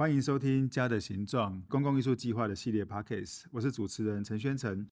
歡迎收聽《家的形狀》公共藝術計劃的系列 podcast，我是主持人陳宣誠。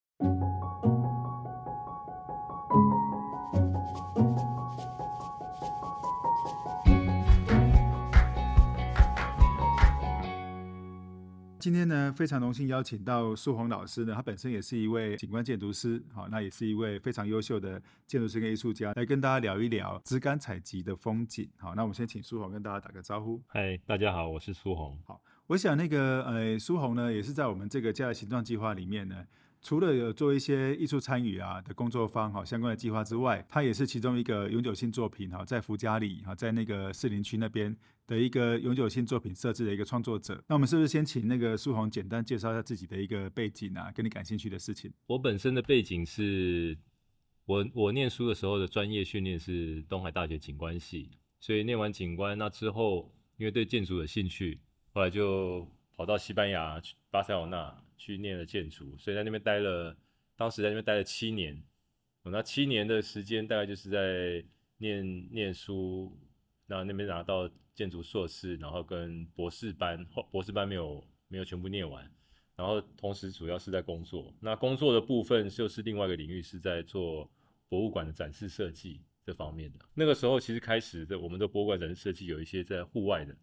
今天呢，非常榮幸邀請到蘇弘老師呢，他本身也是一位景觀建築師，好，那也是一位非常優秀的建築師跟藝術家，來跟大家聊一聊質感採集的風景。好，那我們先請蘇弘跟大家打個招呼。嗨，hey, 大家好，我是蘇弘。好，我想那個呃，蘇弘呢，也是在我們這個家的形狀計劃裡面呢。除了有做一些藝術參與啊的工作坊哈相關的計劃之外，他也是其中一個永久性作品哈，在福佳里哈，在那個士林區那邊的一個永久性作品設置的一個創作者。那我們是不是先請那個蘇弘簡單介紹一下自己的一個背景啊，跟你感興趣的事情？我本身的背景是我我念書的時候的專業訓練是東海大學景觀系，所以念完景觀那之後，因為對建築有興趣，後來就跑到西班牙去巴塞羅那。去念了建築，所以在那邊待了，當時在那邊待了七年，那七年的時間大概就是在念念書，然後，那那邊拿到建築碩士，然後跟博士班，博士班沒有沒有全部念完，然後同時主要是在工作，那工作的部分就是另外一個領域是在做博物館的展示設計這方面的，那個時候其實開始的我們的博物館展示設計有一些在戶外的。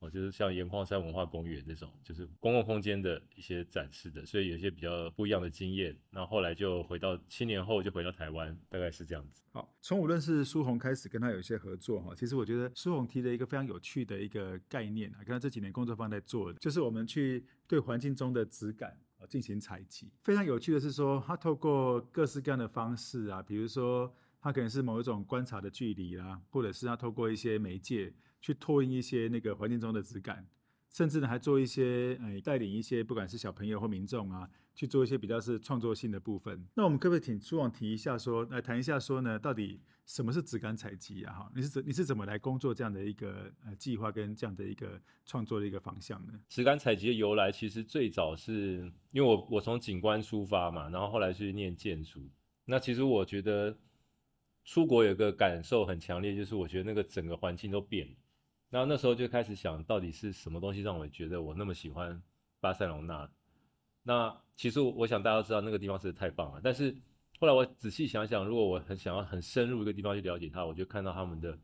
我就是像鹽礦山文化公園這種，就是公共空間的一些展示的，所以有一些比較不一樣的經驗。那後，後來就回到七年後就回到台灣，大概是這樣子。好，從我認識蘇弘開始，跟他有一些合作哈。其實我覺得蘇弘提了一個非常有趣的一個概念，跟他這幾年工作方面在做的，就是我們去對環境中的質感啊進行採集。非常有趣的是說，他透過各式各樣的方式啊，比如說他可能是某一種觀察的距離啊，或者是他透過一些媒介，去拓印一些那個環境中的質感，甚至呢還做一些呃帶領一些不管是小朋友或民眾啊，去做一些比較是創作性的部分。那我們可不可以請蘇弘提一下說，來談一下說呢，到底什麼是質感採集啊？哈，你是你是怎麼來工作這樣的一個呃計劃跟這樣的一個創作的一個方向呢？質感採集的由來其實最早是，因為我我從景觀出發嘛，然後後來去念建築。那其實我覺得出國有個感受很強烈，就是我覺得那個整個環境都變了。那那時候就開始想到底是什麼東西讓我覺得我那麼喜歡巴塞隆納？那其實我想大家都知道那個地方是太棒了。但是後來我仔細想一想，如果我很想要很深入一個地方去了解它，我就看到他們的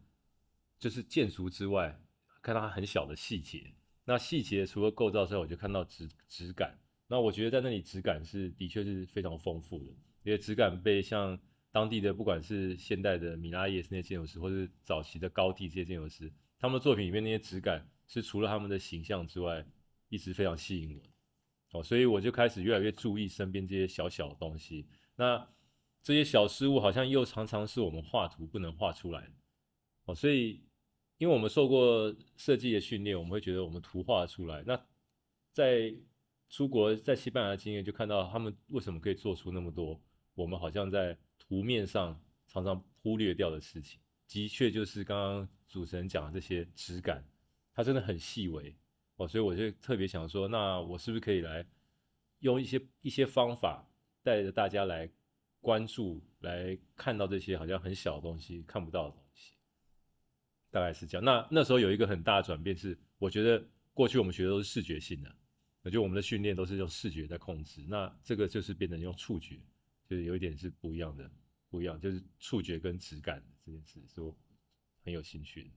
就是建築之外，看到它很小的細節。那細節除了構造之外，我就看到質質感。那我覺得在那裡質感是的確是非常豐富的，因為質感被像當地的不管是現代的米拉耶斯那些建築師，或是早期的高第這些建築師。他們作品裡面那些質感，是除了他們的形象，之外，一直非常吸引我，哦，所以我就開始越來越注意身邊這些小小的東西。那這些小事物好像又常常是我們畫圖不能畫出來的，哦，所以因為我們受過設計的訓練，我們會覺得我們圖畫出來。那在出國在西班牙的經驗，就看到他們為什麼可以做出那麼多，我們好像在圖面上常常忽略掉的事情，的確就是剛剛。主持人講的這些質感，他真的很細微，哦，所以我就特別想說，那我是不是可以來用一些一些方法，帶着大家來關注，來看到這些好像很小的東西，看不到的東西，大概是這樣。那那時候有一個很大的轉變是，我覺得過去我們學的都是視覺性的，我覺得我們的訓練都是用視覺在控制。那這個就是變成用觸覺，就是有一點是不一樣的，不一樣，就是觸覺跟質感這件事是我。很有興趣，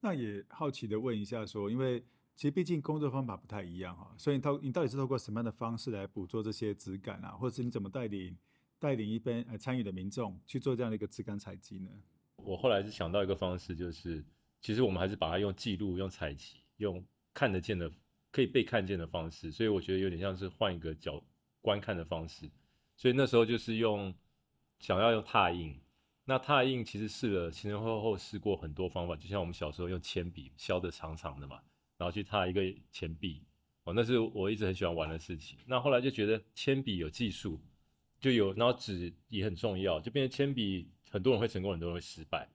那也好奇的問一下，說，因為其實畢竟工作方法不太一樣哈，所以你到你到底是透過什麼樣的方式來捕捉這些質感啊，或者是你怎麼帶領帶領一邊呃參與的民眾去做這樣的一個質感採集呢？我後來是想到一個方式，就是其實我們還是把它用記錄、用採集、用看得見的、可以被看見的方式，所以我覺得有點像是換一個角觀看的方式，所以那時候就是用想要用拓印。那拓印其實試了前前後後試過很多方法，就像我們小時候用鉛筆削得長長的嘛，然後去拓一個錢幣，哦，那是我一直很喜歡玩的事情。那後來就覺得鉛筆有技術，就有，然後紙也很重要，就變成鉛筆很多人會成功，很多人會失敗。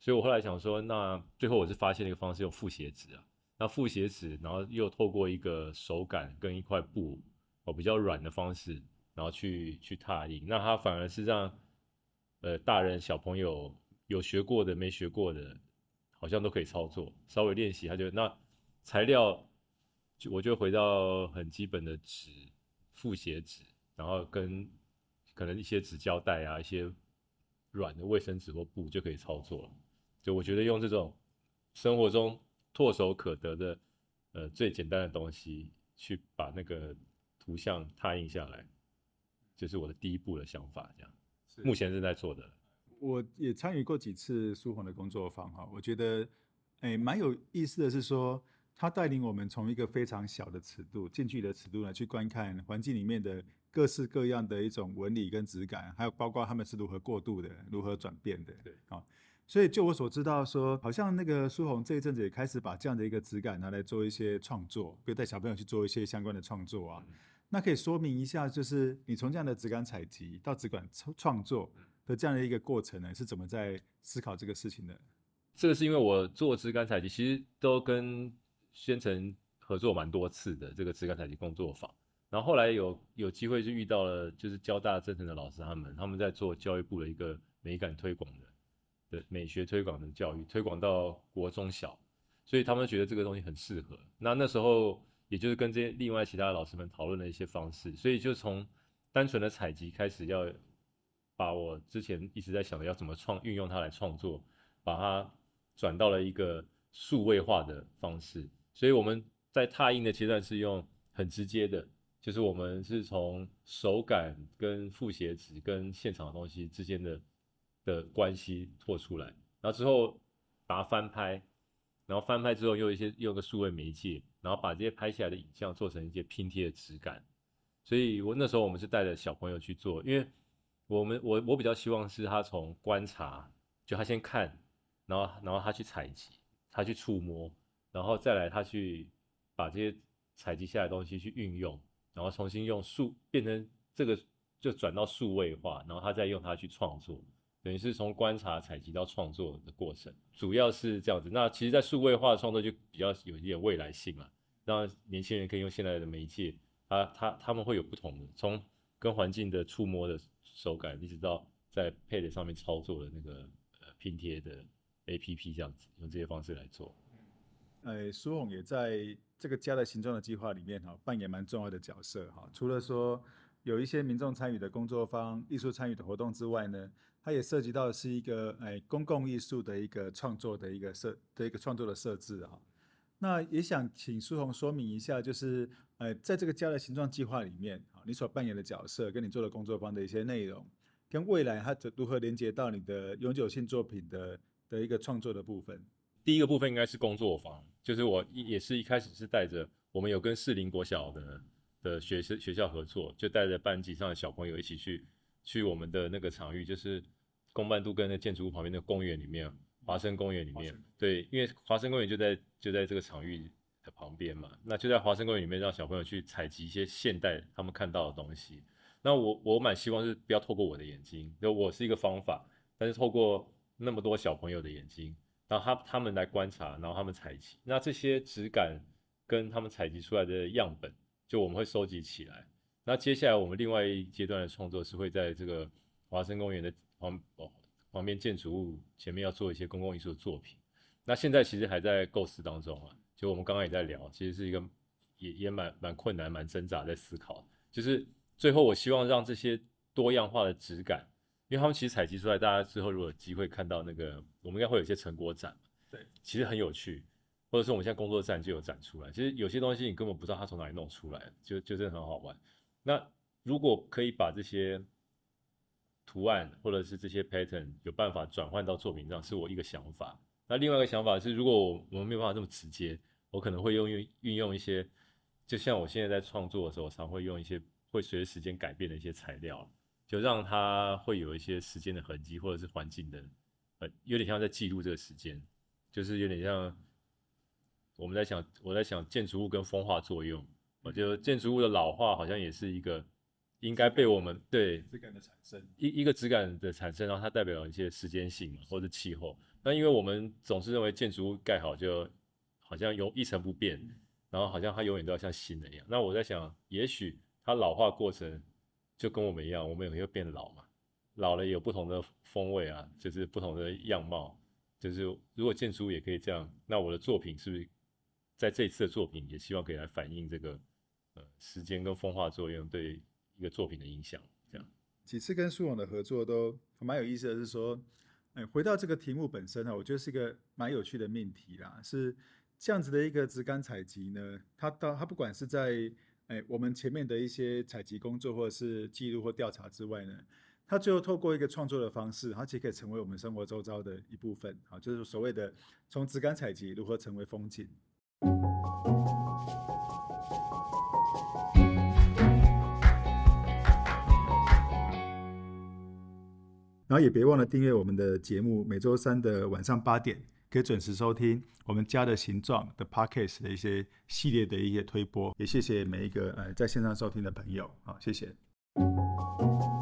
所以我後來想說，那最後我是發現了一個方式，用複寫紙啊，那複寫紙，然後又透過一個手感跟一塊布哦比較軟的方式，然後去去拓印，那它反而是讓。呃，大人小朋友有學過的，沒學過的，好像都可以操作。稍微練習，他就那材料，就我就回到很基本的紙、複寫紙，然後跟可能一些紙膠帶啊、一些軟的衛生紙或布就可以操作了。就我覺得用這種生活中唾手可得的，呃最簡單的東西去把那個圖像拓印下來，這就是我的第一步的想法，這樣。目前是在做的。我也參與過幾次蘇弘的工作坊哈，我覺得，誒、欸，蠻有意思的是說，他帶領我們從一個非常小的尺度、近距離的尺度來去觀看環境裡面的各式各樣的一種紋理跟質感，還有包括他們是如何過渡的、如何轉變的。對，啊，所以就我所知道說，好像那個蘇弘這一陣子也開始把這樣的一個質感拿來做一些創作，比如帶小朋友去做一些相關的創作啊。嗯那可以說明一下，就是你從這樣的質感採集到質感創創作的這樣的一個過程呢，是怎麼在思考這個事情的？這個是因為我做質感採集，其實都跟宣誠合作蠻多次的這個質感採集工作坊。然後後來有有機會就遇到了，就是交大真誠的老師他們，他們在做教育部的一個美感推廣的，對美學推廣的教育推廣到國中小，所以他們覺得這個東西很適合。那那時候。也就是跟這些另外其他的老師們討論的一些方式，所以就從單純的採集開始，要把我之前一直在想的要怎麼創，運用它來創作，把它轉到了一個數位化的方式。所以我們在拓印的階段是用很直接的，就是我們是從手感跟複寫紙跟現場的東西之間的的關係拓出來，然後之後把它翻拍，然後翻拍之後又一些又有個數位媒介，然後把這些拍下來的影像做成一些拼貼的質感，所以我那時候我們是帶着小朋友去做，因為我們我我比較希望是他從觀察，就他先看，然後然後他去採集，他去觸摸，然後再來他去把這些採集下來的東西去運用，然後重新用數變成這個就轉到數位化，然後他再用它去創作。等於是從觀察、採集到創作的過程，主要是這樣子。那其實，在數位化的創作就比較有一點未來性嘛，讓年輕人可以用現在的媒介啊，他他，他們會有不同的，從跟環境的觸摸的手感，一直到在 Pad 上面操作的那個呃拼貼的 APP 這樣子，用這些方式來做。呃，蘇弘也在這個家的形狀的計劃裡面哈、哦，扮演蠻重要的角色哈、哦，除了說。有一些民眾參與的工作坊、藝術參與的活動之外呢，它也涉及到的是一個，公共藝術的一個創作的一個設的一個創作的設置哈、喔，那也想請蘇弘說明一下，就是，在這個家的形狀計劃裡面，啊、喔，你所扮演的角色跟你做的工作坊的一些內容，跟未來它如何連接到你的永久性作品的的一個創作的部分。第一個部分應該是工作坊，就是我一也是一開始是帶着我們有跟士林國小的。的學生學校合作，就帶着班級上的小朋友一起去去我們的那個場域，就是公辦都更那建築物旁邊的公園裡面，華生公園裡面。深對，因為華生公園就在就在這個場域的旁邊嘛，那就在華生公園裡面，讓小朋友去採集一些現代他們看到的東西。那我我蠻希望是不要透過我的眼睛，就我是一個方法，但是透過那麼多小朋友的眼睛，然後他他們來觀察，然後他們採集，那這些質感跟他們採集出來的樣本。就我們會收集起來，那接下來我們另外一階段的創作是會在這個華盛公園的旁哦旁邊建築物前面要做一些公共藝術的作品，那現在其實還在構思當中啊。就我們剛剛也在聊，其實是一個也也蠻蠻困難、蠻掙扎在思考，就是最後我希望讓這些多樣化的質感，因為他們其實採集出來，大家之後如果有機會看到那個，我們應該會有一些成果展，對，其實很有趣。或者是我們現在工作站就有展出來，其實有些東西你根本不知道它從哪裡弄出來，就就真的很好玩。那如果可以把這些圖案或者是這些 pattern 有辦法轉換到作品上，是我一個想法。那另外一個想法是，如果我我們沒有辦法這麼直接，我可能會用用運用一些，就像我現在在創作的時候，我常會用一些會隨着時間改變的一些材料，就讓它會有一些時間的痕跡，或者是環境的，呃，有點像在記錄這個時間，就是有點像。我們在想，我在想建築物跟風化作用，我覺得建築物的老化好像也是一個應該被我們對質感的產生一一個質感的產生，然後、啊、它代表一些時間性嘛，或者氣候。那因為我們總是認為建築物蓋好就好像有一成不變，嗯、然後好像它永遠都要像新的一樣。那我在想，也許它老化過程就跟我們一樣，我們也會變老嘛，老了有不同的風味啊，就是不同的樣貌。就是如果建築物也可以這樣，那我的作品是不是？在這一次的作品，也希望可以來反映這個呃時間跟風化作用對一個作品的影響。這樣幾次跟蘇弘的合作都蠻有意思的，是說，哎、欸，回到這個題目本身呢、啊，我覺得是一個蠻有趣的命題啦。是這樣子的一個質感採集呢，它到它不管是在哎、欸、我們前面的一些採集工作或者是記錄或調查之外呢，它最後透過一個創作的方式，它其實可以成為我們生活周遭的一部分啊，就是所謂的從質感採集如何成為風景。然後也別忘了訂閱我們的節目，每周三的晚上八點可以準時收聽我們家的形狀的 Podcast 的一些系列的一些推播。也謝謝每一個呃在線上收聽的朋友，好，謝謝。